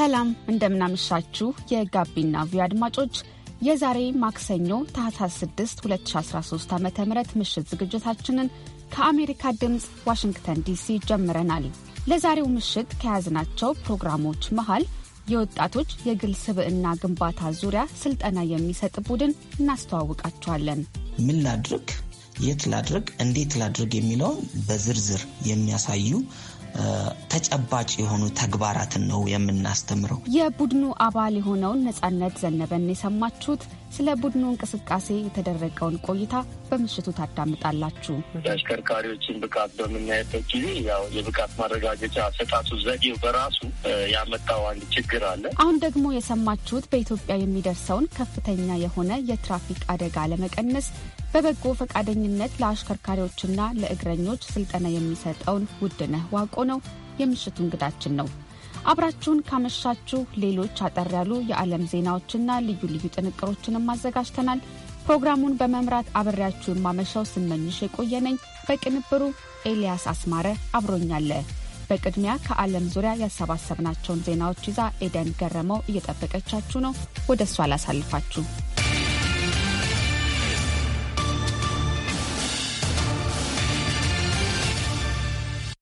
ሰላም እንደምናመሻችሁ የጋቢና ቪ አድማጮች የዛሬ ማክሰኞ ታህሳስ 6 2013 ዓ ም ምሽት ዝግጅታችንን ከአሜሪካ ድምፅ ዋሽንግተን ዲሲ ጀምረናል። ለዛሬው ምሽት ከያዝናቸው ፕሮግራሞች መሃል የወጣቶች የግል ስብዕና ግንባታ ዙሪያ ስልጠና የሚሰጥ ቡድን እናስተዋውቃቸዋለን። ምን ላድርግ፣ የት ላድርግ፣ እንዴት ላድርግ የሚለውን በዝርዝር የሚያሳዩ ተጨባጭ የሆኑ ተግባራትን ነው የምናስተምረው። የቡድኑ አባል የሆነውን ነጻነት ዘነበን የሰማችሁት። ስለ ቡድኑ እንቅስቃሴ የተደረገውን ቆይታ በምሽቱ ታዳምጣላችሁ። የአሽከርካሪዎችን ብቃት በምናይበት ጊዜ ያው የብቃት ማረጋገጫ አሰጣጡ ዘዴው በራሱ ያመጣው አንድ ችግር አለ። አሁን ደግሞ የሰማችሁት በኢትዮጵያ የሚደርሰውን ከፍተኛ የሆነ የትራፊክ አደጋ ለመቀነስ በበጎ ፈቃደኝነት ለአሽከርካሪዎችና ለእግረኞች ስልጠና የሚሰጠውን ውድነህ ዋቆ ነው። የምሽቱ እንግዳችን ነው። አብራችሁን ካመሻችሁ ሌሎች አጠር ያሉ የዓለም ዜናዎችና ልዩ ልዩ ጥንቅሮችንም አዘጋጅተናል። ፕሮግራሙን በመምራት አብሬያችሁ የማመሻው ስመኝሽ የቆየነኝ፣ በቅንብሩ ኤልያስ አስማረ አብሮኛለ። በቅድሚያ ከዓለም ዙሪያ ያሰባሰብናቸውን ዜናዎች ይዛ ኤደን ገረመው እየጠበቀቻችሁ ነው። ወደ እሷ አላሳልፋችሁ።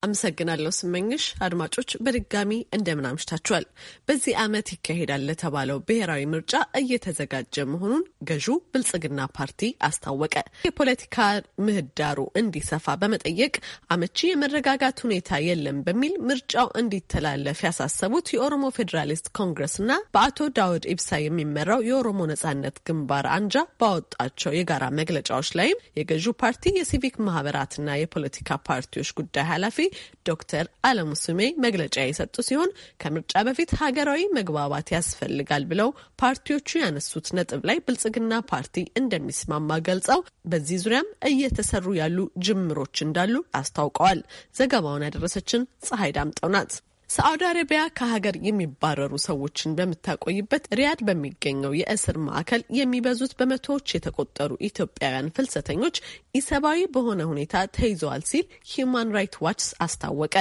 አመሰግናለሁ ስመኝሽ። አድማጮች በድጋሚ እንደምን አምሽታችኋል። በዚህ ዓመት ይካሄዳል ለተባለው ብሔራዊ ምርጫ እየተዘጋጀ መሆኑን ገዢው ብልጽግና ፓርቲ አስታወቀ። የፖለቲካ ምህዳሩ እንዲሰፋ በመጠየቅ አመቺ የመረጋጋት ሁኔታ የለም በሚል ምርጫው እንዲተላለፍ ያሳሰቡት የኦሮሞ ፌዴራሊስት ኮንግረስና በአቶ ዳውድ ኢብሳ የሚመራው የኦሮሞ ነጻነት ግንባር አንጃ ባወጣቸው የጋራ መግለጫዎች ላይም የገዢው ፓርቲ የሲቪክ ማህበራትና የፖለቲካ ፓርቲዎች ጉዳይ ኃላፊ ዶክተር አለሙ ስሜ መግለጫ የሰጡ ሲሆን ከምርጫ በፊት ሀገራዊ መግባባት ያስፈልጋል ብለው ፓርቲዎቹ ያነሱት ነጥብ ላይ ብልጽግና ፓርቲ እንደሚስማማ ገልጸው በዚህ ዙሪያም እየተሰሩ ያሉ ጅምሮች እንዳሉ አስታውቀዋል። ዘገባውን ያደረሰችን ፀሐይ ዳምጠው ናት። ሳዑዲ አረቢያ ከሀገር የሚባረሩ ሰዎችን በምታቆይበት ሪያድ በሚገኘው የእስር ማዕከል የሚበዙት በመቶዎች የተቆጠሩ ኢትዮጵያውያን ፍልሰተኞች ኢሰብአዊ በሆነ ሁኔታ ተይዘዋል ሲል ሂዩማን ራይት ዋችስ አስታወቀ።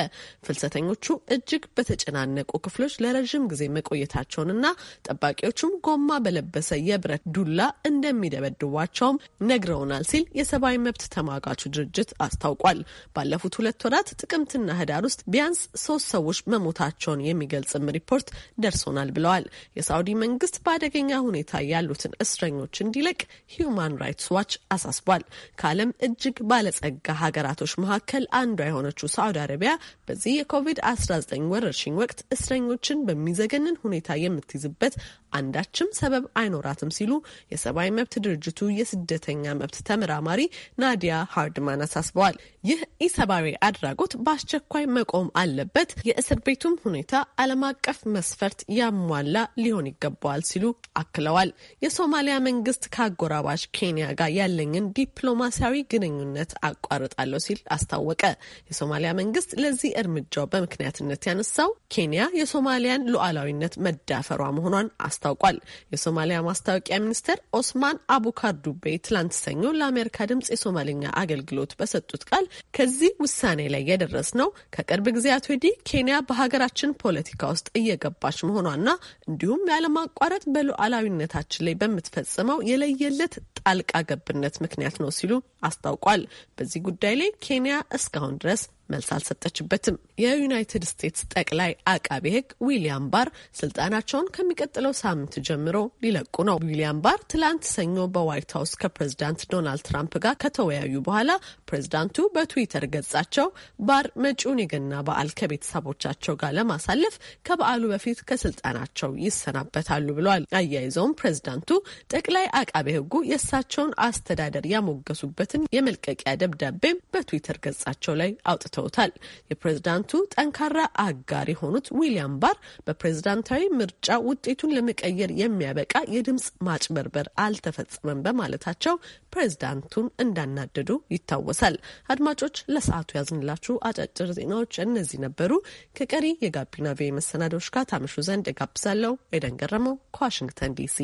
ፍልሰተኞቹ እጅግ በተጨናነቁ ክፍሎች ለረዥም ጊዜ መቆየታቸውንና ጠባቂዎቹም ጎማ በለበሰ የብረት ዱላ እንደሚደበድቧቸውም ነግረውናል ሲል የሰብአዊ መብት ተሟጋቹ ድርጅት አስታውቋል። ባለፉት ሁለት ወራት ጥቅምትና ህዳር ውስጥ ቢያንስ ሶስት ሰዎች መሞታቸውን የሚገልጽም ሪፖርት ደርሶናል ብለዋል። የሳውዲ መንግስት በአደገኛ ሁኔታ ያሉትን እስረኞች እንዲለቅ ሂዩማን ራይትስ ዋች አሳስቧል። ከዓለም እጅግ ባለጸጋ ሀገራቶች መካከል አንዷ የሆነችው ሳውዲ አረቢያ በዚህ የኮቪድ-19 ወረርሽኝ ወቅት እስረኞችን በሚዘገንን ሁኔታ የምትይዝበት አንዳችም ሰበብ አይኖራትም ሲሉ የሰብአዊ መብት ድርጅቱ የስደተኛ መብት ተመራማሪ ናዲያ ሃርድማን አሳስበዋል። ይህ ኢሰብአዊ አድራጎት በአስቸኳይ መቆም አለበት፣ የእስር ቤቱም ሁኔታ ዓለም አቀፍ መስፈርት ያሟላ ሊሆን ይገባዋል ሲሉ አክለዋል። የሶማሊያ መንግስት ከአጎራባች ኬንያ ጋር ያለኝን ዲፕሎማሲያዊ ግንኙነት አቋርጣለሁ ሲል አስታወቀ። የሶማሊያ መንግስት ለዚህ እርምጃው በምክንያትነት ያነሳው ኬንያ የሶማሊያን ሉዓላዊነት መዳፈሯ መሆኗን አስታ አስታውቋል። የሶማሊያ ማስታወቂያ ሚኒስትር ኦስማን አቡካር ዱቤ ትላንት ሰኞ ለአሜሪካ ድምጽ የሶማሊኛ አገልግሎት በሰጡት ቃል ከዚህ ውሳኔ ላይ የደረስ ነው ከቅርብ ጊዜያት ወዲህ ኬንያ በሀገራችን ፖለቲካ ውስጥ እየገባች መሆኗና እንዲሁም ያለማቋረጥ በሉዓላዊነታችን ላይ በምትፈጽመው የለየለት ጣልቃ ገብነት ምክንያት ነው ሲሉ አስታውቋል። በዚህ ጉዳይ ላይ ኬንያ እስካሁን ድረስ መልስ አልሰጠችበትም። የዩናይትድ ስቴትስ ጠቅላይ አቃቤ ሕግ ዊሊያም ባር ስልጣናቸውን ከሚቀጥለው ሳምንት ጀምሮ ሊለቁ ነው። ዊሊያም ባር ትላንት ሰኞ በዋይት ሀውስ ከፕሬዚዳንት ዶናልድ ትራምፕ ጋር ከተወያዩ በኋላ ፕሬዚዳንቱ በትዊተር ገጻቸው ባር መጪውን የገና በዓል ከቤተሰቦቻቸው ጋር ለማሳለፍ ከበዓሉ በፊት ከስልጣናቸው ይሰናበታሉ ብለዋል። አያይዘውም ፕሬዚዳንቱ ጠቅላይ አቃቤ ሕጉ የእሳቸውን አስተዳደር ያሞገሱበትን የመልቀቂያ ደብዳቤም በትዊተር ገጻቸው ላይ አውጥተዋል። ተችተውታል። የፕሬዝዳንቱ ጠንካራ አጋር የሆኑት ዊሊያም ባር በፕሬዝዳንታዊ ምርጫ ውጤቱን ለመቀየር የሚያበቃ የድምፅ ማጭበርበር አልተፈጸመም በማለታቸው ፕሬዝዳንቱን እንዳናደዱ ይታወሳል። አድማጮች ለሰዓቱ ያዝንላችሁ አጫጭር ዜናዎች እነዚህ ነበሩ። ከቀሪ የጋቢና ቪ መሰናዶች ጋር ታምሹ ዘንድ የጋብዛለው ኤደን ገረመው ከዋሽንግተን ዲሲ።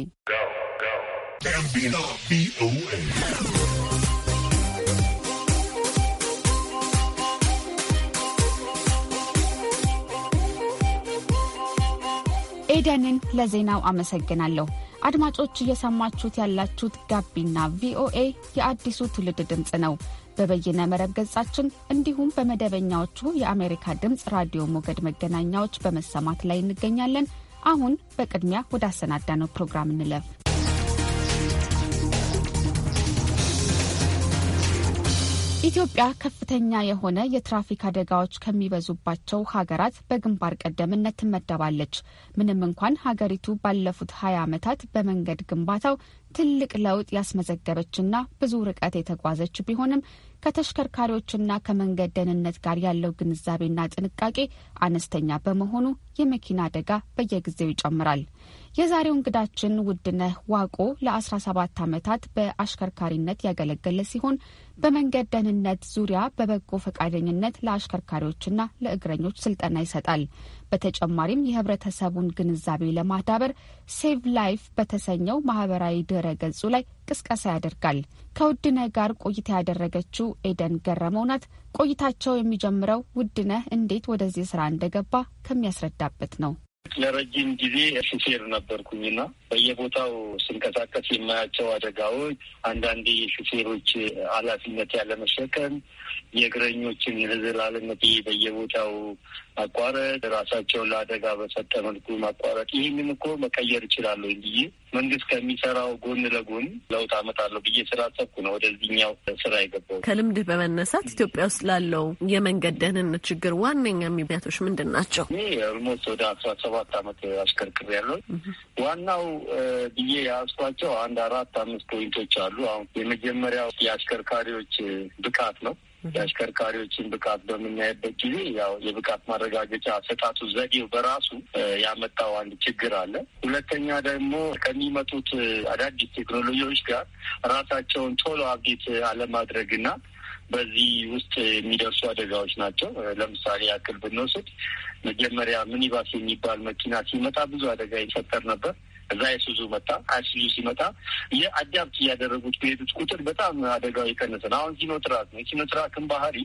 ኤደንን ለዜናው አመሰግናለሁ። አድማጮች እየሰማችሁት ያላችሁት ጋቢና ቪኦኤ የአዲሱ ትውልድ ድምፅ ነው። በበይነ መረብ ገጻችን እንዲሁም በመደበኛዎቹ የአሜሪካ ድምፅ ራዲዮ ሞገድ መገናኛዎች በመሰማት ላይ እንገኛለን። አሁን በቅድሚያ ወደ አሰናዳነው ፕሮግራም እንለፍ። ኢትዮጵያ ከፍተኛ የሆነ የትራፊክ አደጋዎች ከሚበዙባቸው ሀገራት በግንባር ቀደምነት ትመደባለች። ምንም እንኳን ሀገሪቱ ባለፉት ሀያ ዓመታት በመንገድ ግንባታው ትልቅ ለውጥ ያስመዘገበችና ብዙ ርቀት የተጓዘች ቢሆንም ከተሽከርካሪዎችና ከመንገድ ደህንነት ጋር ያለው ግንዛቤና ጥንቃቄ አነስተኛ በመሆኑ የመኪና አደጋ በየጊዜው ይጨምራል። የዛሬው እንግዳችን ውድነህ ዋቆ ለ17 ዓመታት በአሽከርካሪነት ያገለገለ ሲሆን በመንገድ ደህንነት ዙሪያ በበጎ ፈቃደኝነት ለአሽከርካሪዎችና ለእግረኞች ስልጠና ይሰጣል። በተጨማሪም የህብረተሰቡን ግንዛቤ ለማዳበር ሴቭ ላይፍ በተሰኘው ማህበራዊ ድረ ገጹ ላይ ቅስቀሳ ያደርጋል። ከውድነህ ጋር ቆይታ ያደረገችው ኤደን ገረመው ናት። ቆይታቸው የሚጀምረው ውድነህ እንዴት ወደዚህ ስራ እንደገባ ከሚያስረዳበት ነው። ለረጅም ጊዜ ሹፌር ነበርኩኝና በየቦታው ስንቀሳቀስ የማያቸው አደጋዎች፣ አንዳንዴ የሹፌሮች ኃላፊነት ያለመሸከም፣ የእግረኞችን ህዝብ ላለመጤ በየቦታው ማቋረጥ፣ ራሳቸውን ለአደጋ በሰጠ መልኩ ማቋረጥ፣ ይህንን እኮ መቀየር ይችላሉ ብዬ መንግስት ከሚሰራው ጎን ለጎን ለውጥ አመጣለሁ ብዬ ስላሰብኩ ነው ወደዚህኛው ስራ የገባው። ከልምድህ በመነሳት ኢትዮጵያ ውስጥ ላለው የመንገድ ደህንነት ችግር ዋነኛ ምክንያቶች ምንድን ናቸው? እኔ ኦልሞስት ወደ አስራ ሰባት አመት አሽከርክር ያለው ዋናው ብዬ ያስኳቸው አንድ አራት አምስት ፖይንቶች አሉ። አሁን የመጀመሪያው የአሽከርካሪዎች ብቃት ነው። የአሽከርካሪዎችን ብቃት በምናይበት ጊዜ ያው የብቃት ማረጋገጫ አሰጣጡ ዘዴው በራሱ ያመጣው አንድ ችግር አለ። ሁለተኛ ደግሞ ከሚመጡት አዳዲስ ቴክኖሎጂዎች ጋር ራሳቸውን ቶሎ አብዴት አለማድረግና በዚህ ውስጥ የሚደርሱ አደጋዎች ናቸው። ለምሳሌ ያክል ብንወስድ መጀመሪያ ሚኒባስ የሚባል መኪና ሲመጣ ብዙ አደጋ ይፈጠር ነበር። እዛ የሱዙ መጣ። አይሱዙ ሲመጣ የአዳፕት እያደረጉት በሄዱት ቁጥር በጣም አደጋው የቀነሰ ነው። አሁን ሲኖትራክ ነው። ሲኖትራክን ባህሪ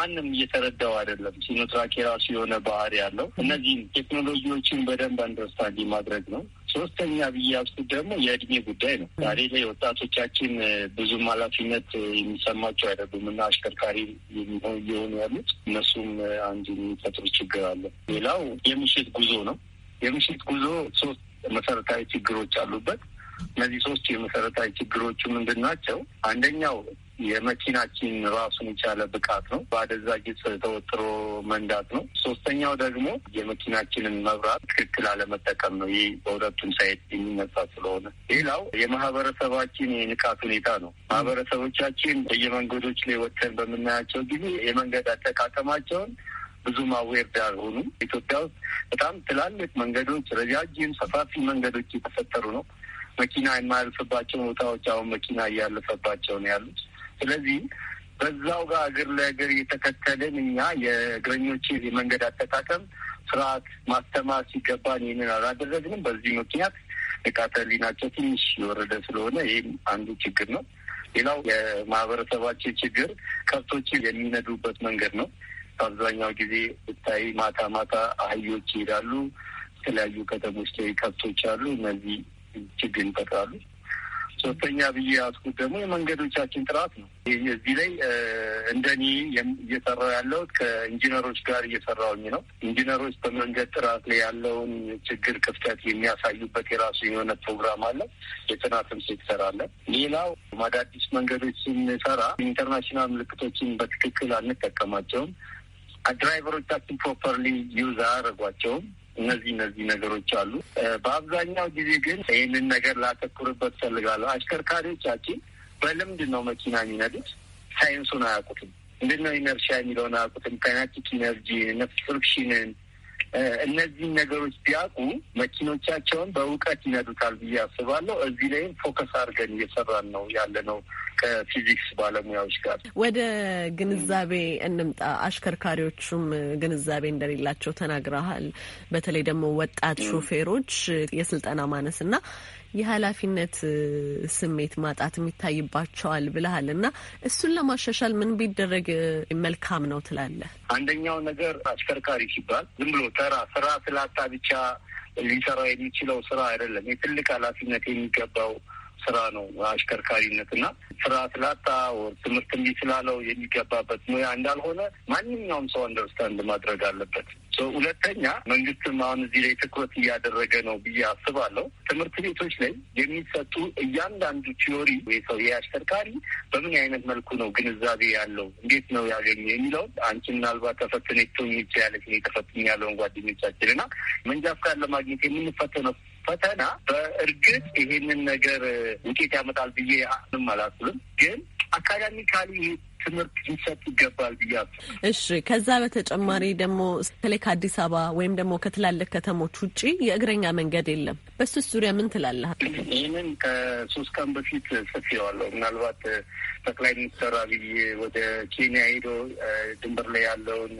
ማንም እየተረዳው አይደለም። ሲኖትራክ የራሱ የሆነ ባህሪ አለው። እነዚህም ቴክኖሎጂዎችን በደንብ አንደርስታንድ ማድረግ ነው። ሶስተኛ ብዬ ያልኩት ደግሞ የእድሜ ጉዳይ ነው። ዛሬ ላይ ወጣቶቻችን ብዙም ኃላፊነት የሚሰማቸው አይደሉም እና አሽከርካሪ እየሆኑ ያሉት እነሱም አንድ የሚፈጥሩ ችግር አለ። ሌላው የምሽት ጉዞ ነው። የምሽት ጉዞ ሶስት መሰረታዊ ችግሮች አሉበት። እነዚህ ሶስት የመሰረታዊ ችግሮቹ ምንድን ናቸው? አንደኛው የመኪናችን ራሱን የቻለ ብቃት ነው። በአደንዛዥ ዕፅ ተወጥሮ መንዳት ነው። ሶስተኛው ደግሞ የመኪናችንን መብራት ትክክል አለመጠቀም ነው። ይህ በሁለቱም ሳይት የሚነሳ ስለሆነ፣ ሌላው የማህበረሰባችን የንቃት ሁኔታ ነው። ማህበረሰቦቻችን በየመንገዶች ላይ ወጥተን በምናያቸው ጊዜ የመንገድ አጠቃቀማቸውን ብዙም አዌርድ ያልሆኑ ኢትዮጵያ ውስጥ በጣም ትላልቅ መንገዶች፣ ረጃጅም ሰፋፊ መንገዶች የተፈጠሩ ነው። መኪና የማያልፍባቸው ቦታዎች አሁን መኪና እያለፈባቸው ነው ያሉት። ስለዚህ በዛው ጋር እግር ለእግር የተከተልን እኛ የእግረኞች የመንገድ አጠቃቀም ስርዓት ማስተማር ሲገባን ይህንን አላደረግንም። በዚህ ምክንያት ንቃተ ናቸው ትንሽ የወረደ ስለሆነ ይህም አንዱ ችግር ነው። ሌላው የማህበረሰባችን ችግር ከብቶችን የሚነዱበት መንገድ ነው። በአብዛኛው ጊዜ ብታይ ማታ ማታ አህዮች ይሄዳሉ። የተለያዩ ከተሞች ላይ ከብቶች አሉ። እነዚህ ችግር ይፈጥራሉ። ሶስተኛ ብዬ ያስኩት ደግሞ የመንገዶቻችን ጥራት ነው። እዚህ ላይ እንደኔ እየሰራው ያለው ከኢንጂነሮች ጋር እየሰራውኝ ነው። ኢንጂነሮች በመንገድ ጥራት ላይ ያለውን ችግር ክፍተት የሚያሳዩበት የራሱ የሆነ ፕሮግራም አለ። የጥናትም ሴክተር ሌላው አዳዲስ መንገዶች ስንሰራ ኢንተርናሽናል ምልክቶችን በትክክል አንጠቀማቸውም። ድራይቨሮቻችን ፕሮፐርሊ ዩዝ አያደረጓቸውም። እነዚህ እነዚህ ነገሮች አሉ። በአብዛኛው ጊዜ ግን ይህንን ነገር ላተኩርበት ፈልጋለሁ። አሽከርካሪዎቻችን በልምድ ነው መኪና የሚነዱት፣ ሳይንሱን አያውቁትም። ምንድን ነው ኢነርሺያ የሚለውን አያውቁትም። ካይናቲክ ነፍስ ፍርክሽንን እነዚህን ነገሮች ቢያውቁ መኪኖቻቸውን በእውቀት ይነዱታል ብዬ አስባለሁ። እዚህ ላይም ፎከስ አድርገን እየሰራን ነው ያለ ነው ከፊዚክስ ባለሙያዎች ጋር። ወደ ግንዛቤ እንምጣ። አሽከርካሪዎቹም ግንዛቤ እንደሌላቸው ተናግረሃል። በተለይ ደግሞ ወጣት ሾፌሮች የስልጠና ማነስ እና የኃላፊነት ስሜት ማጣት የሚታይባቸዋል ብለሃል እና እሱን ለማሻሻል ምን ቢደረግ መልካም ነው ትላለህ? አንደኛው ነገር አሽከርካሪ ሲባል ዝም ብሎ ተራ ስራ ስላጣ ብቻ ሊሰራው የሚችለው ስራ አይደለም። የትልቅ ኃላፊነት የሚገባው ስራ ነው አሽከርካሪነት እና ስራ ስላጣ ትምህርት እንዲህ ስላለው የሚገባበት ሙያ እንዳልሆነ ማንኛውም ሰው አንደርስታንድ ማድረግ አለበት። ሁለተኛ መንግስትም አሁን እዚህ ላይ ትኩረት እያደረገ ነው ብዬ አስባለሁ። ትምህርት ቤቶች ላይ የሚሰጡ እያንዳንዱ ቲዮሪ የሰው አሽከርካሪ በምን አይነት መልኩ ነው ግንዛቤ ያለው እንዴት ነው ያገኘ የሚለው አንቺ ምናልባት ተፈትነቶ የሚቻያለች ተፈትኝ ያለውን ጓደኞቻችን ና መንጃ ፍቃድ ለማግኘት የምንፈተነው ፈተና በእርግጥ ይሄንን ነገር ውጤት ያመጣል ብዬ አንም አላስብም ግን አካዳሚካሊ ትምህርት ሊሰጥ ይገባል ብያል። እሺ፣ ከዛ በተጨማሪ ደግሞ በተለይ ከአዲስ አበባ ወይም ደግሞ ከትላልቅ ከተሞች ውጭ የእግረኛ መንገድ የለም። በሱስ ዙሪያ ምን ትላለህ? ይህንን ከሶስት ቀን በፊት ጽፌዋለሁ። ምናልባት ጠቅላይ ሚኒስትር አብይ ወደ ኬንያ ሄዶ ድንበር ላይ ያለውን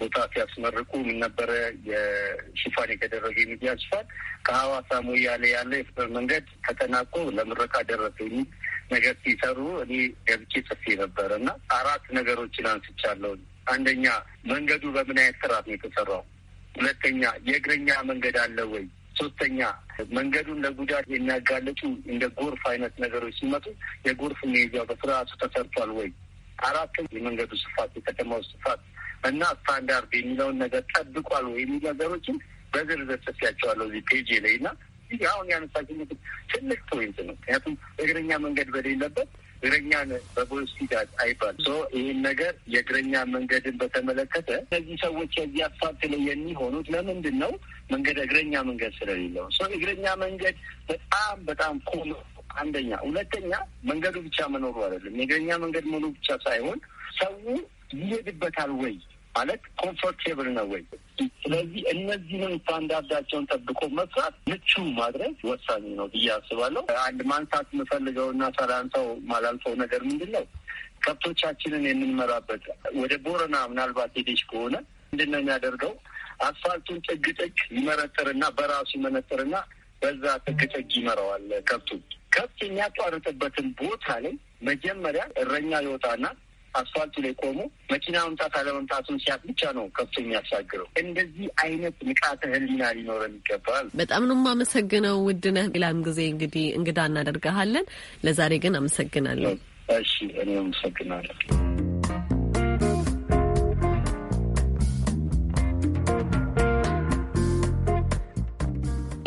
ቦታ ሲያስመርቁ ምን ነበረ የሽፋን የተደረገ የሚዲያ ሽፋን ከሀዋሳ ሞያሌ ያለ የፍቅር መንገድ ተጠናቆ ለምረቃ ደረሰ የሚል ነገር ሲሰሩ እኔ ገብቼ ጽፌ ነበረ እና አራት ነገሮችን አንስቻለሁ። አንደኛ መንገዱ በምን አይነት ስራት ነው የተሰራው? ሁለተኛ የእግረኛ መንገድ አለ ወይ? ሶስተኛ መንገዱን ለጉዳት የሚያጋለጡ እንደ ጎርፍ አይነት ነገሮች ሲመጡ የጎርፍ መሄጃው በስርዓቱ ተሰርቷል ወይ? አራት የመንገዱ ስፋት የከተማው ስፋት እና ስታንዳርድ የሚለውን ነገር ጠብቋል ወይ ነገሮችን በዝርዝር ጽፌያቸዋለሁ እዚህ ፔጅ ላይ እና አሁን ያነሳችነት ትልቅ ፖይንት ነው። ምክንያቱም እግረኛ መንገድ በሌለበት እግረኛን በቦስቲዳት አይባል ሶ ይህን ነገር የእግረኛ መንገድን በተመለከተ እነዚህ ሰዎች የዚህ አስፋልት ላይ የሚሆኑት ለምንድን ነው? መንገድ እግረኛ መንገድ ስለሌለው ሶ እግረኛ መንገድ በጣም በጣም ኮም አንደኛ፣ ሁለተኛ መንገዱ ብቻ መኖሩ አይደለም። የእግረኛ መንገድ መኖሩ ብቻ ሳይሆን ሰው ይሄድበታል ወይ ማለት ኮምፎርቴብል ነው ወይ? ስለዚህ እነዚህን ስታንዳርዳቸውን ጠብቆ መስራት ምቹ ማድረግ ወሳኝ ነው ብዬ አስባለሁ። አንድ ማንሳት የምፈልገውና ሰላንሰው ማላልፈው ነገር ምንድን ነው? ከብቶቻችንን የምንመራበት ወደ ቦረና ምናልባት ሄደሽ ከሆነ ምንድን ነው የሚያደርገው? አስፋልቱን ጥግ ጥግ ይመረጥርና በራሱ ይመነጥርና በዛ ጥግ ጥግ ይመራዋል። ከብቱ ከብት የሚያቋርጥበትን ቦታ ላይ መጀመሪያ እረኛ ይወጣና አስፋልቱ ላይ ቆሞ መኪና መምጣት አለመምጣቱን ሲያት ብቻ ነው ከብቶ የሚያሻግረው። እንደዚህ አይነት ንቃተ ሕሊና ሊኖረን ይገባል። በጣም ነው የማመሰግነው ውድነህ። ሌላም ጊዜ እንግዲህ እንግዳ እናደርግሃለን። ለዛሬ ግን አመሰግናለሁ። እሺ፣ እኔ አመሰግናለሁ።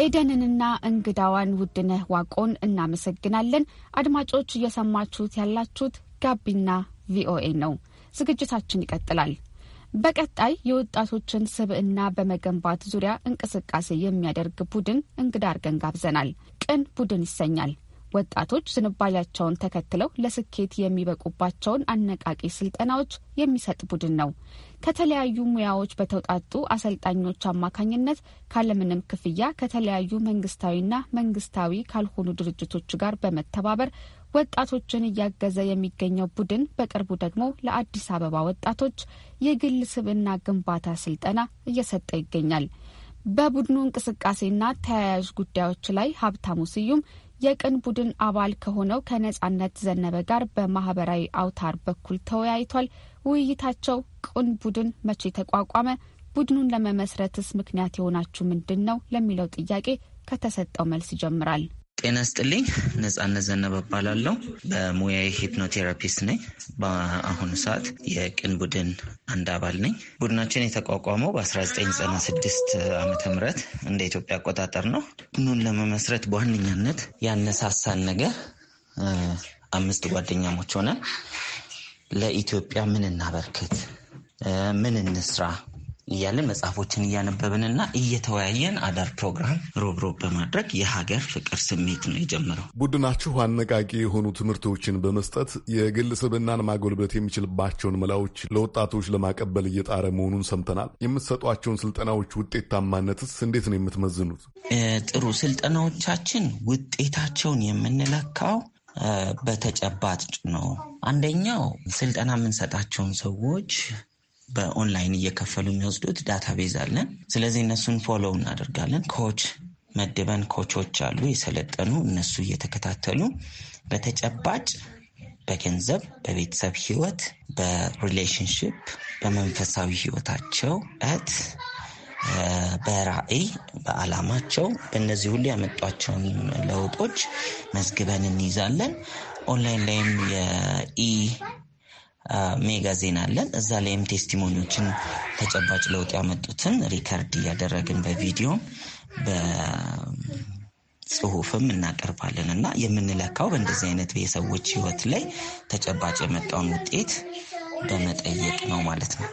ኤደንንና እንግዳዋን ውድነህ ዋቆን እናመሰግናለን። አድማጮች እየሰማችሁት ያላችሁት ጋቢና ቪኦኤ ነው። ዝግጅታችን ይቀጥላል። በቀጣይ የወጣቶችን ስብዕና በመገንባት ዙሪያ እንቅስቃሴ የሚያደርግ ቡድን እንግዳ አርገን ጋብዘናል። ቅን ቡድን ይሰኛል። ወጣቶች ዝንባሌያቸውን ተከትለው ለስኬት የሚበቁባቸውን አነቃቂ ስልጠናዎች የሚሰጥ ቡድን ነው። ከተለያዩ ሙያዎች በተውጣጡ አሰልጣኞች አማካኝነት ካለምንም ክፍያ ከተለያዩ መንግስታዊና መንግስታዊ ካልሆኑ ድርጅቶች ጋር በመተባበር ወጣቶችን እያገዘ የሚገኘው ቡድን በቅርቡ ደግሞ ለአዲስ አበባ ወጣቶች የግል ስብዕና ግንባታ ስልጠና እየሰጠ ይገኛል። በቡድኑ እንቅስቃሴና ተያያዥ ጉዳዮች ላይ ሀብታሙ ስዩም የቅን ቡድን አባል ከሆነው ከነጻነት ዘነበ ጋር በማህበራዊ አውታር በኩል ተወያይቷል። ውይይታቸው ቅን ቡድን መቼ ተቋቋመ? ቡድኑን ለመመስረትስ ምክንያት የሆናችሁ ምንድን ነው? ለሚለው ጥያቄ ከተሰጠው መልስ ይጀምራል። ጤና ስጥልኝ። ነጻነት ዘነበ እባላለሁ። በሙያ ሂፕኖቴራፒስት ነኝ። በአሁኑ ሰዓት የቅን ቡድን አንድ አባል ነኝ። ቡድናችን የተቋቋመው በ1996 ዓ ምህረት እንደ ኢትዮጵያ አቆጣጠር ነው። ቡድኑን ለመመስረት በዋነኛነት ያነሳሳን ነገር አምስት ጓደኛሞች ሆነን ለኢትዮጵያ ምን እናበርክት፣ ምን እንስራ እያለን መጽሐፎችን እያነበብንና እየተወያየን አዳር ፕሮግራም ሮብሮብ በማድረግ የሀገር ፍቅር ስሜት ነው የጀመረው። ቡድናችሁ አነቃቂ የሆኑ ትምህርቶችን በመስጠት የግል ስብዕናን ማጎልበት የሚችልባቸውን መላዎች ለወጣቶች ለማቀበል እየጣረ መሆኑን ሰምተናል። የምትሰጧቸውን ስልጠናዎች ውጤታማነትስ እንዴት ነው የምትመዝኑት? ጥሩ ስልጠናዎቻችን ውጤታቸውን የምንለካው በተጨባጭ ነው። አንደኛው ስልጠና የምንሰጣቸውን ሰዎች በኦንላይን እየከፈሉ የሚወስዱት ዳታቤዝ አለን። ስለዚህ እነሱን ፎሎው እናደርጋለን። ኮች መድበን ኮቾች አሉ የሰለጠኑ እነሱ እየተከታተሉ በተጨባጭ በገንዘብ በቤተሰብ ህይወት፣ በሪሌሽንሽፕ፣ በመንፈሳዊ ህይወታቸው እት በራዕይ በዓላማቸው በእነዚህ ሁሉ ያመጧቸውን ለውጦች መዝግበን እንይዛለን። ኦንላይን ላይም የኢ ሜጋ ዜና አለን። እዛ ላይም ቴስቲሞኒዎችን ተጨባጭ ለውጥ ያመጡትን ሪከርድ እያደረግን በቪዲዮም በጽሁፍም እናቀርባለን እና የምንለካው በእንደዚህ አይነት የሰዎች ህይወት ላይ ተጨባጭ የመጣውን ውጤት በመጠየቅ ነው ማለት ነው።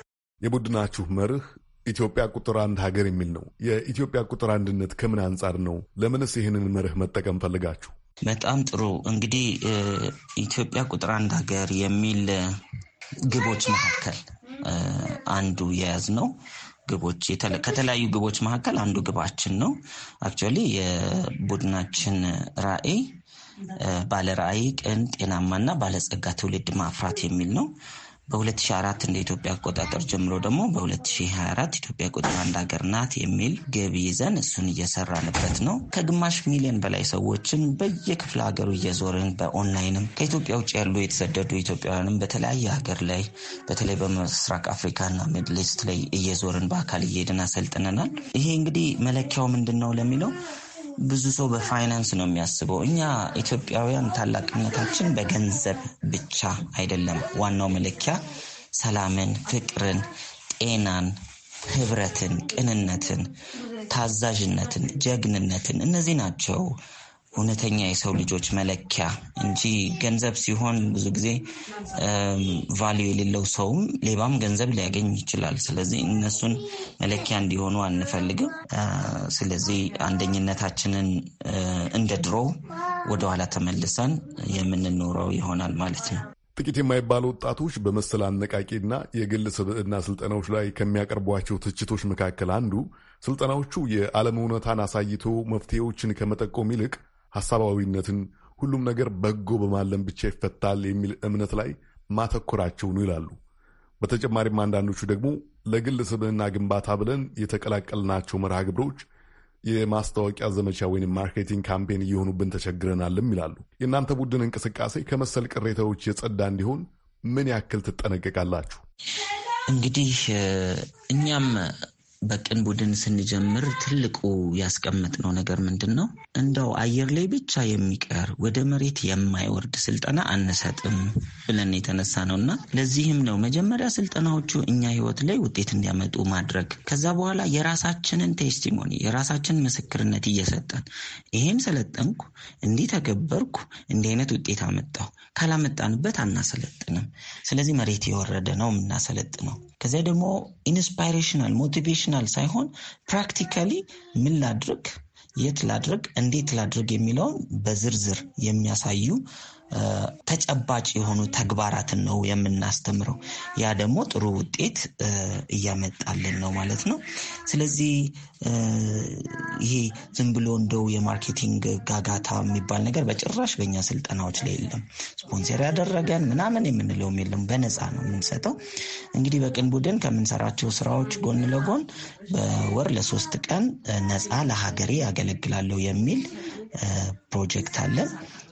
የቡድናችሁ መርህ ኢትዮጵያ ቁጥር አንድ ሀገር የሚል ነው። የኢትዮጵያ ቁጥር አንድነት ከምን አንጻር ነው? ለምንስ ይህንን መርህ መጠቀም ፈልጋችሁ? በጣም ጥሩ እንግዲህ ኢትዮጵያ ቁጥር አንድ ሀገር የሚል ግቦች መካከል አንዱ የያዝ ነው ግቦች ከተለያዩ ግቦች መካከል አንዱ ግባችን ነው። አክቹዋሊ የቡድናችን ራዕይ ባለ ራዕይ ቅን ጤናማና ባለጸጋ ትውልድ ማፍራት የሚል ነው። በ2004 እንደ ኢትዮጵያ አቆጣጠር ጀምሮ ደግሞ በ2024 ኢትዮጵያ ቁጥር አንድ ሀገር ናት የሚል ገቢ ይዘን እሱን እየሰራንበት ነው። ከግማሽ ሚሊዮን በላይ ሰዎችን በየክፍለ ሀገሩ እየዞርን በኦንላይንም ከኢትዮጵያ ውጭ ያሉ የተሰደዱ ኢትዮጵያውያንም በተለያየ ሀገር ላይ በተለይ በምስራቅ አፍሪካና ሚድልስት ላይ እየዞርን በአካል እየሄድን አሰልጥነናል። ይሄ እንግዲህ መለኪያው ምንድን ነው ለሚለው ብዙ ሰው በፋይናንስ ነው የሚያስበው። እኛ ኢትዮጵያውያን ታላቅነታችን በገንዘብ ብቻ አይደለም። ዋናው መለኪያ ሰላምን፣ ፍቅርን፣ ጤናን፣ ህብረትን፣ ቅንነትን፣ ታዛዥነትን፣ ጀግንነትን እነዚህ ናቸው። እውነተኛ የሰው ልጆች መለኪያ እንጂ ገንዘብ ሲሆን ብዙ ጊዜ ቫሊዩ የሌለው ሰውም ሌባም ገንዘብ ሊያገኝ ይችላል። ስለዚህ እነሱን መለኪያ እንዲሆኑ አንፈልግም። ስለዚህ አንደኝነታችንን እንደ ድሮ ወደኋላ ተመልሰን የምንኖረው ይሆናል ማለት ነው። ጥቂት የማይባሉ ወጣቶች በመሰል አነቃቂና የግል ስብዕና ስልጠናዎች ላይ ከሚያቀርቧቸው ትችቶች መካከል አንዱ ስልጠናዎቹ የዓለም እውነታን አሳይቶ መፍትሄዎችን ከመጠቆም ይልቅ ሐሳባዊነትን ሁሉም ነገር በጎ በማለም ብቻ ይፈታል የሚል እምነት ላይ ማተኮራቸው ነው ይላሉ። በተጨማሪም አንዳንዶቹ ደግሞ ለግል ስብዕና ግንባታ ብለን የተቀላቀልናቸው መርሃ ግብሮች የማስታወቂያ ዘመቻ ወይም ማርኬቲንግ ካምፔን እየሆኑብን ተቸግረናልም ይላሉ። የእናንተ ቡድን እንቅስቃሴ ከመሰል ቅሬታዎች የጸዳ እንዲሆን ምን ያክል ትጠነቀቃላችሁ? እንግዲህ እኛም በቅን ቡድን ስንጀምር ትልቁ ያስቀመጥነው ነገር ምንድን ነው? እንደው አየር ላይ ብቻ የሚቀር ወደ መሬት የማይወርድ ስልጠና አንሰጥም ብለን የተነሳ ነው እና ለዚህም ነው መጀመሪያ ስልጠናዎቹ እኛ ህይወት ላይ ውጤት እንዲያመጡ ማድረግ ከዛ በኋላ የራሳችንን ቴስቲሞኒ የራሳችን ምስክርነት እየሰጠን ይሄን ሰለጠንኩ፣ እንዲህ ተገበርኩ፣ እንዲህ አይነት ውጤት አመጣሁ ካላመጣንበት አናሰለጥንም። ስለዚህ መሬት የወረደ ነው የምናሰለጥነው። ከዚያ ደግሞ ኢንስፓይሬሽናል ሞቲቬሽናል ሳይሆን ፕራክቲካሊ ምን ላድርግ፣ የት ላድርግ፣ እንዴት ላድርግ የሚለውን በዝርዝር የሚያሳዩ ተጨባጭ የሆኑ ተግባራትን ነው የምናስተምረው። ያ ደግሞ ጥሩ ውጤት እያመጣልን ነው ማለት ነው። ስለዚህ ይሄ ዝም ብሎ እንደው የማርኬቲንግ ጋጋታ የሚባል ነገር በጭራሽ በእኛ ስልጠናዎች ላይ የለም። ስፖንሰር ያደረገን ምናምን የምንለውም የለም። በነፃ ነው የምንሰጠው። እንግዲህ በቅን ቡድን ከምንሰራቸው ስራዎች ጎን ለጎን በወር ለሶስት ቀን ነፃ ለሀገሬ ያገለግላለሁ የሚል ፕሮጀክት አለን።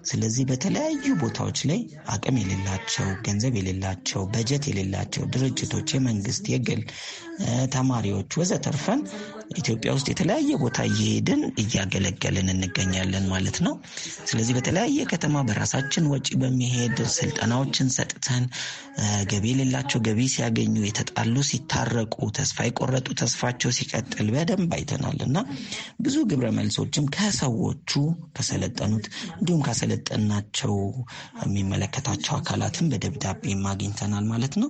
ስለዚህ በተለያዩ ቦታዎች ላይ አቅም የሌላቸው ገንዘብ የሌላቸው በጀት የሌላቸው ድርጅቶች፣ የመንግስት፣ የግል ተማሪዎች ወዘተርፈን ኢትዮጵያ ውስጥ የተለያየ ቦታ እየሄድን እያገለገልን እንገኛለን ማለት ነው። ስለዚህ በተለያየ ከተማ በራሳችን ወጪ በሚሄድ ስልጠናዎችን ሰጥተን ገቢ የሌላቸው ገቢ ሲያገኙ፣ የተጣሉ ሲታረቁ፣ ተስፋ የቆረጡ ተስፋቸው ሲቀጥል በደንብ አይተናል እና ብዙ ግብረ መልሶችም ከሰዎቹ ከሰለጠኑት እንዲሁም ካሰለጠናቸው የሚመለከታቸው አካላትም በደብዳቤ አግኝተናል ማለት ነው።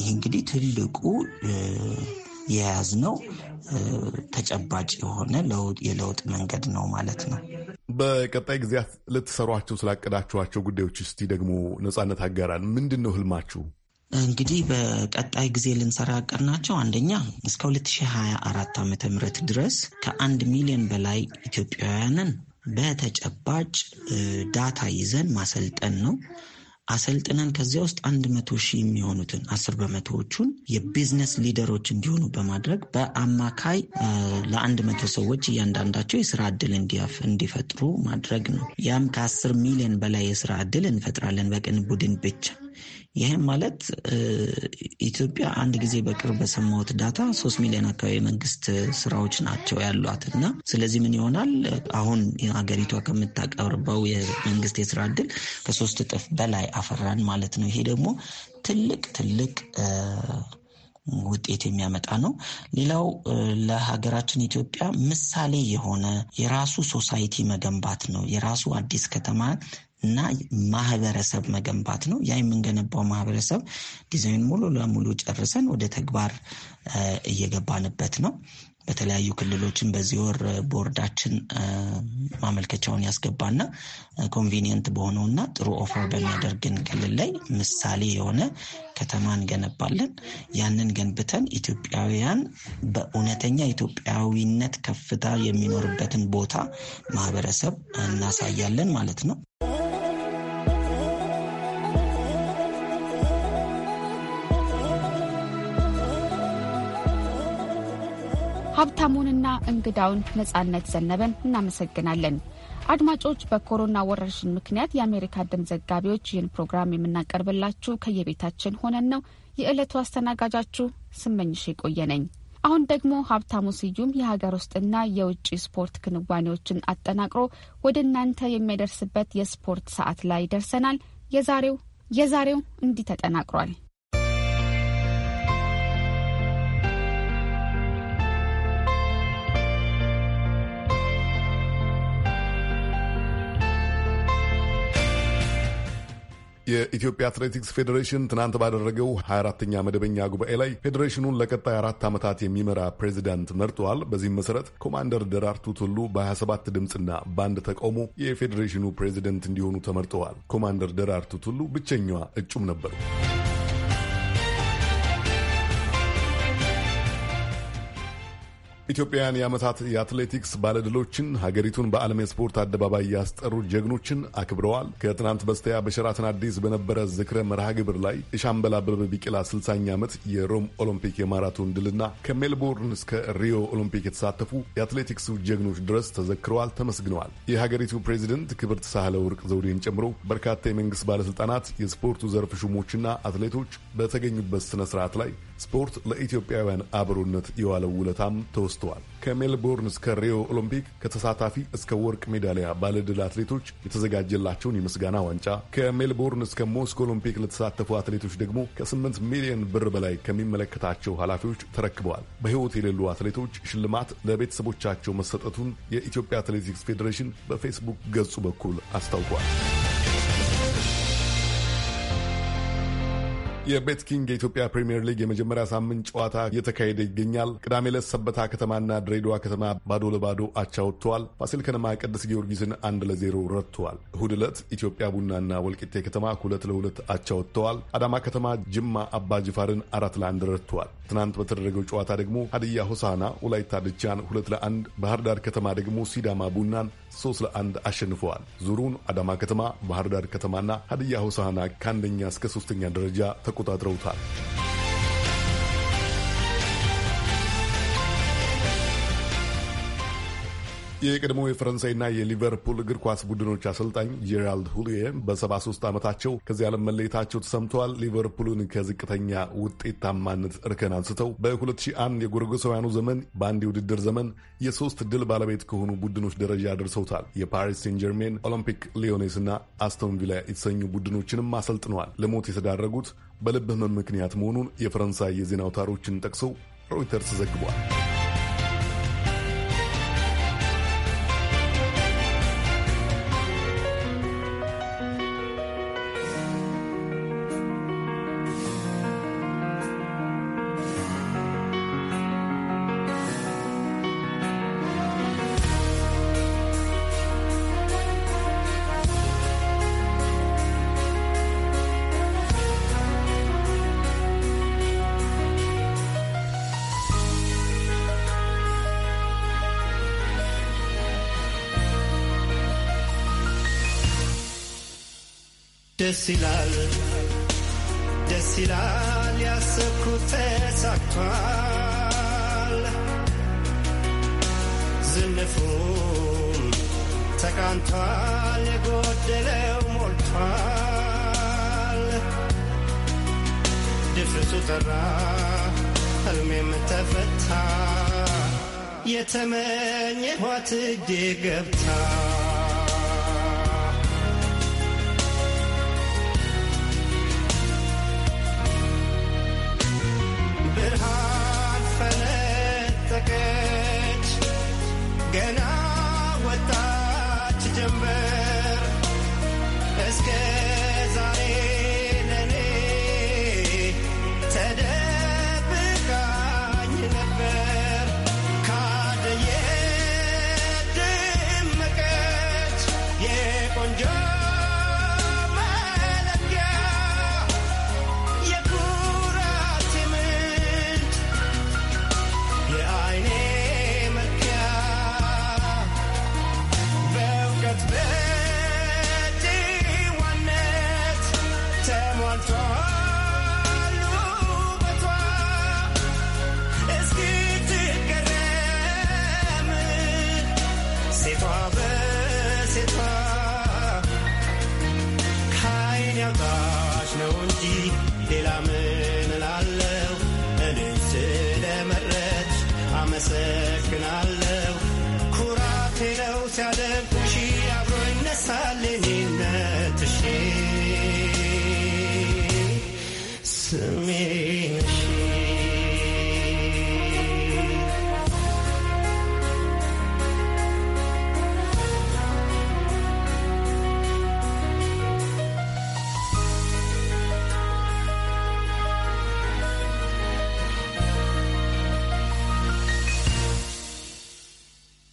ይህ እንግዲህ ትልቁ የያዝነው ተጨባጭ የሆነ የለውጥ መንገድ ነው ማለት ነው። በቀጣይ ጊዜያት ልትሰሯቸው ስላቀዳችኋቸው ጉዳዮች እስቲ ደግሞ ነጻነት አጋራን። ምንድን ነው ህልማችሁ? እንግዲህ በቀጣይ ጊዜ ልንሰራ ያቀድናቸው አንደኛ እስከ 2024 ዓ ም ድረስ ከአንድ ሚሊዮን በላይ ኢትዮጵያውያንን በተጨባጭ ዳታ ይዘን ማሰልጠን ነው። አሰልጥነን ከዚያ ውስጥ አንድ መቶ ሺህ የሚሆኑትን አስር በመቶዎቹን የቢዝነስ ሊደሮች እንዲሆኑ በማድረግ በአማካይ ለአንድ መቶ ሰዎች እያንዳንዳቸው የስራ እድል እንዲፈጥሩ ማድረግ ነው። ያም ከአስር ሚሊዮን በላይ የስራ እድል እንፈጥራለን በቅን ቡድን ብቻ ይህም ማለት ኢትዮጵያ አንድ ጊዜ በቅርብ በሰማሁት ዳታ ሶስት ሚሊዮን አካባቢ የመንግስት ስራዎች ናቸው ያሏት እና ስለዚህ ምን ይሆናል አሁን ሀገሪቷ ከምታቀርበው የመንግስት የስራ እድል ከሶስት እጥፍ በላይ አፈራን ማለት ነው። ይሄ ደግሞ ትልቅ ትልቅ ውጤት የሚያመጣ ነው። ሌላው ለሀገራችን ኢትዮጵያ ምሳሌ የሆነ የራሱ ሶሳይቲ መገንባት ነው። የራሱ አዲስ ከተማ እና ማህበረሰብ መገንባት ነው። ያ የምንገነባው ማህበረሰብ ዲዛይን ሙሉ ለሙሉ ጨርሰን ወደ ተግባር እየገባንበት ነው። በተለያዩ ክልሎችን በዚህ ወር ቦርዳችን ማመልከቻውን ያስገባና ኮንቬኒየንት በሆነውና ጥሩ ኦፈር በሚያደርግን ክልል ላይ ምሳሌ የሆነ ከተማ እንገነባለን። ያንን ገንብተን ኢትዮጵያውያን በእውነተኛ ኢትዮጵያዊነት ከፍታ የሚኖርበትን ቦታ ማህበረሰብ እናሳያለን ማለት ነው። ሀብታሙንና እንግዳውን ነጻነት ዘነበን እናመሰግናለን። አድማጮች፣ በኮሮና ወረርሽኝ ምክንያት የአሜሪካ ድምፅ ዘጋቢዎች ይህን ፕሮግራም የምናቀርብላችሁ ከየቤታችን ሆነን ነው። የዕለቱ አስተናጋጃችሁ ስመኝሽ የቆየ ነኝ። አሁን ደግሞ ሀብታሙ ስዩም የሀገር ውስጥና የውጭ ስፖርት ክንዋኔዎችን አጠናቅሮ ወደ እናንተ የሚያደርስበት የስፖርት ሰዓት ላይ ደርሰናል። የዛሬው የዛሬው እንዲህ ተጠናቅሯል። የኢትዮጵያ አትሌቲክስ ፌዴሬሽን ትናንት ባደረገው 24ኛ መደበኛ ጉባኤ ላይ ፌዴሬሽኑን ለቀጣይ አራት ዓመታት የሚመራ ፕሬዚዳንት መርጠዋል። በዚህም መሰረት ኮማንደር ደራርቱ ቱሉ በ27 ድምፅና በአንድ ተቃውሞ የፌዴሬሽኑ ፕሬዚደንት እንዲሆኑ ተመርጠዋል። ኮማንደር ደራርቱ ቱሉ ብቸኛዋ እጩም ነበሩ። ኢትዮጵያውያን የዓመታት የአትሌቲክስ ባለድሎችን ሀገሪቱን በዓለም የስፖርት አደባባይ ያስጠሩ ጀግኖችን አክብረዋል። ከትናንት በስቲያ በሸራተን አዲስ በነበረ ዝክረ መርሃ ግብር ላይ የሻምበል አበበ ቢቂላ 60ኛ ዓመት የሮም ኦሎምፒክ የማራቶን ድልና ከሜልቦርን እስከ ሪዮ ኦሎምፒክ የተሳተፉ የአትሌቲክሱ ጀግኖች ድረስ ተዘክረዋል፣ ተመስግነዋል። የሀገሪቱ ፕሬዚደንት ክብርት ሳህለ ወርቅ ዘውዴን ጨምሮ በርካታ የመንግስት ባለሥልጣናት፣ የስፖርቱ ዘርፍ ሹሞችና አትሌቶች በተገኙበት ሥነ ሥርዓት ላይ ስፖርት ለኢትዮጵያውያን አብሮነት የዋለው ውለታም ተወስተዋል። ከሜልቦርን እስከ ሪዮ ኦሎምፒክ ከተሳታፊ እስከ ወርቅ ሜዳሊያ ባለድል አትሌቶች የተዘጋጀላቸውን የምስጋና ዋንጫ፣ ከሜልቦርን እስከ ሞስኮ ኦሎምፒክ ለተሳተፉ አትሌቶች ደግሞ ከ8 ሚሊዮን ብር በላይ ከሚመለከታቸው ኃላፊዎች ተረክበዋል። በሕይወት የሌሉ አትሌቶች ሽልማት ለቤተሰቦቻቸው መሰጠቱን የኢትዮጵያ አትሌቲክስ ፌዴሬሽን በፌስቡክ ገጹ በኩል አስታውቋል። የቤት ኪንግ የኢትዮጵያ ፕሪምየር ሊግ የመጀመሪያ ሳምንት ጨዋታ እየተካሄደ ይገኛል። ቅዳሜ ዕለት ሰበታ ከተማና ድሬዳዋ ከተማ ባዶ ለባዶ አቻ ወጥተዋል። ፋሲል ከነማ ቅዱስ ጊዮርጊስን አንድ ለዜሮ ረትተዋል። እሁድ ዕለት ኢትዮጵያ ቡናና ወልቂጤ ከተማ ሁለት ለሁለት አቻ ወጥተዋል። አዳማ ከተማ ጅማ አባ ጅፋርን አራት ለአንድ ረትተዋል። ትናንት በተደረገው ጨዋታ ደግሞ ሀዲያ ሆሳና ወላይታ ድቻን ሁለት ለአንድ፣ ባህር ዳር ከተማ ደግሞ ሲዳማ ቡናን ሶስት ለአንድ አሸንፈዋል። ዙሩን አዳማ ከተማ፣ ባህር ዳር ከተማና ሀዲያ ሆሳና ከአንደኛ እስከ ሶስተኛ ደረጃ ተቆጣጥረውታል። የቀድሞ የፈረንሳይና የሊቨርፑል እግር ኳስ ቡድኖች አሰልጣኝ ጄራልድ ሁሊየም በ73 ዓመታቸው ከዚህ ዓለም መለየታቸው ተሰምተዋል። ሊቨርፑልን ከዝቅተኛ ውጤታማነት እርከን አንስተው በ2001 የጎረጎሳውያኑ ዘመን በአንድ የውድድር ዘመን የሶስት ድል ባለቤት ከሆኑ ቡድኖች ደረጃ ደርሰውታል። የፓሪስ ሴን ጀርሜን፣ ኦሎምፒክ ሊዮኔስና አስቶን ቪላ የተሰኙ ቡድኖችንም አሰልጥነዋል። ለሞት የተዳረጉት በልብ ምክንያት መሆኑን የፈረንሳይ የዜና አውታሮችን ጠቅሰው ሮይተርስ ዘግቧል። ህልሜም ተፈታ የተመኘኋት እጄ ገብታ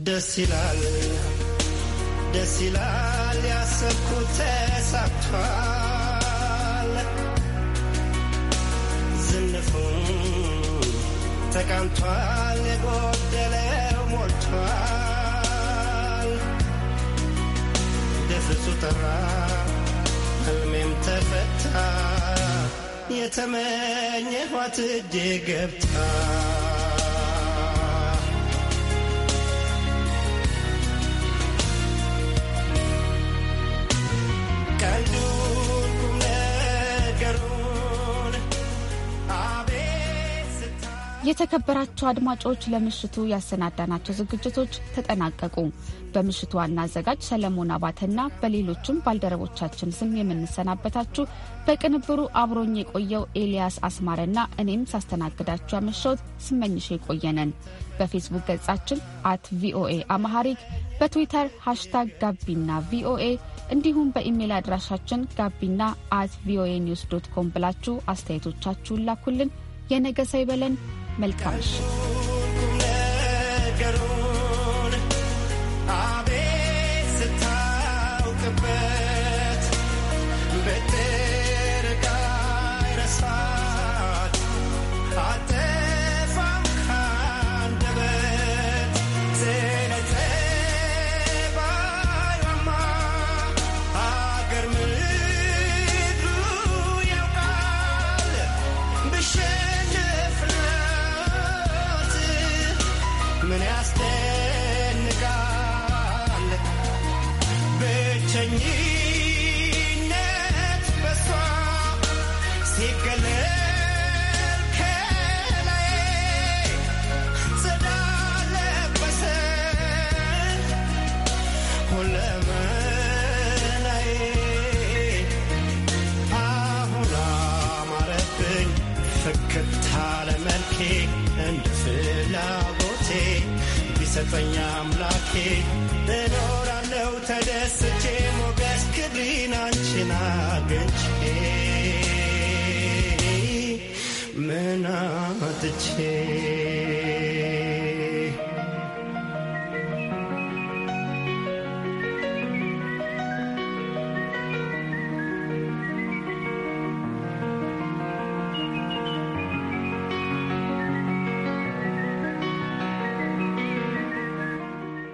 ደስ ይላል ደስ ይላል ያሰብኩት ተሳክቷል። ዝንፉም ተቃንቷል፣ የጎደለው ሞልቷል። ደፍሱ ጠራ፣ ህልሜም ተፈታ፣ የተመኘኋት እጄ ገብታ የተከበራቸው አድማጮች ለምሽቱ ያሰናዳናቸው ዝግጅቶች ተጠናቀቁ። በምሽቱ ዋና አዘጋጅ ሰለሞን አባተና በሌሎችም ባልደረቦቻችን ስም የምንሰናበታችሁ በቅንብሩ አብሮኝ የቆየው ኤልያስ አስማረና እኔም ሳስተናግዳችሁ ያመሸሁት ስመኝሽ የቆየነን። በፌስቡክ ገጻችን አት ቪኦኤ አማሐሪክ በትዊተር ሃሽታግ ጋቢና ቪኦኤ እንዲሁም በኢሜይል አድራሻችን ጋቢና አት ቪኦኤ ኒውስ ዶት ኮም ብላችሁ አስተያየቶቻችሁን ላኩልን። የነገ ሰው ይበለን። መልካም